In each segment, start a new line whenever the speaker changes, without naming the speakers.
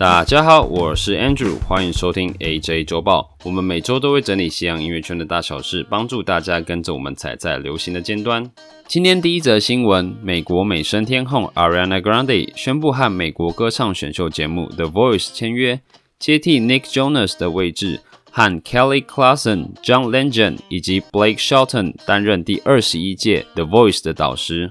大家好，我是 Andrew，歡迎收聽 AJ 周報。我們每周都會整理西洋音樂圈的大小事，幫助大家跟着我們踩在流行的尖端。今天第一則新聞：美國美聲天後 Ariana Grande 宣布和美國歌唱選秀節目 The Voice 簽約，接替 Nick Jonas 的位置，和 Kelly Clarkson、John Legend 以及 Blake Shelton 擔任第二十一屆 The Voice 的導師。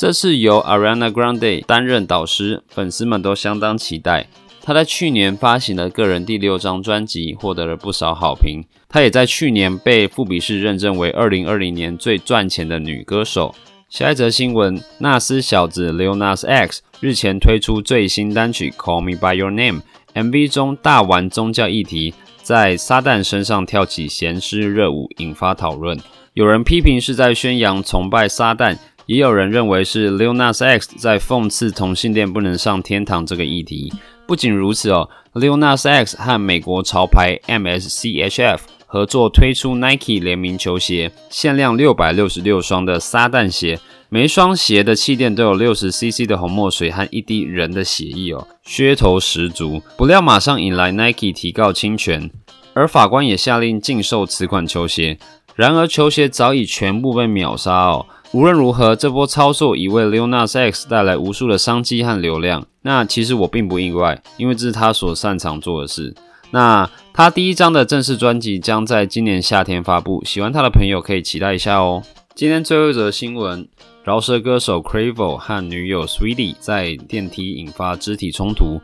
這次由 Ariana Grande 擔任導師，粉絲們都相當期待。她在去年發行的個人第六張專輯獲得了不少好評。她也在去年被富比士認證為2020年最賺錢的女歌手。下一則新聞，納斯小子 Lil Nas X 日前推出最新單曲《Call Me By Your Name》，MV 中大玩宗教議題，在撒旦身上跳起鹹濕熱舞，引發討論。有人批評是在宣揚崇拜撒旦。也有人認為是 Lil Nas X 在諷刺同性戀不能上天堂這個議題。不僅如此哦，Lil Nas X 和美國潮牌 M S C H F 合作推出 Nike 聯名球鞋，限量六百六十六雙的撒旦鞋，每雙鞋的氣墊都有六十 cc 的紅墨水和一滴人的血液哦，噱頭十足。不料馬上引來 Nike 提告侵權，而法官也下令禁售此款球鞋。然而球鞋早已全部被秒殺哦。無論如何，這波操作已為 Lil Nas X 帶來無數的商機和流量。那其實我並不意外，因為這是他所擅長做的事。那他第一張的正式專輯將在今年夏天發布，喜歡他的朋友可以期待一下哦。今天最後一則新聞：饒舌歌手 Quavo 和女友 Sweetie 在電梯引發肢體衝突。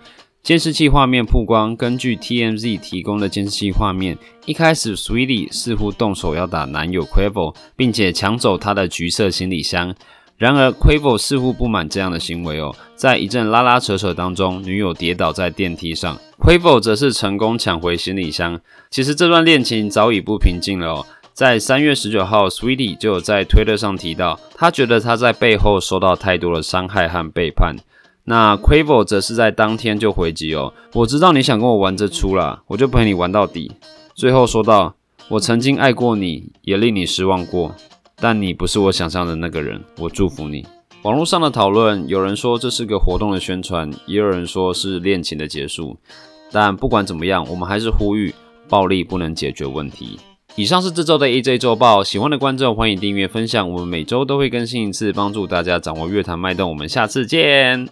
監視器畫面曝光，根據 TMZ 提供的監視器畫面，一開始 Sweetie 似乎動手要打男友 Quavo，並且搶走他的橘色行李箱。然而 Quavo 似乎不滿這樣的行為哦，在一陣拉拉扯扯當中，女友跌倒在電梯上，Quavo 則是成功搶回行李箱。其實這段戀情早已不平靜了哦，在三月十九號，Sweetie 就有在推特上提到，他覺得他在背後受到太多的傷害和背叛。那 Quavo 則是在當天就回擊哦。我知道你想跟我玩這出了，我就陪你玩到底。最後說道，我曾經愛過你，也令你失望過，但你不是我想象的那個人。我祝福你。網絡上的討論，有人說這是個活動的宣傳，也有人說是戀情的結束。但不管怎麼樣，我們還是呼籲，暴力不能解決問題。以上是這周的 AJ 周報。喜歡的觀眾歡迎訂閱分享，我們每周都會更新一次，幫助大家掌握樂壇脈動。我們下次見。